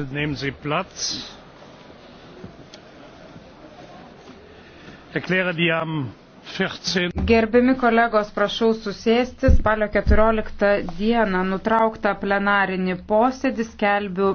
nehmen sie platz. Gerbiami kolegos, prašau susėsti. Spalio 14 dieną nutraukta plenarinį posėdį skelbiu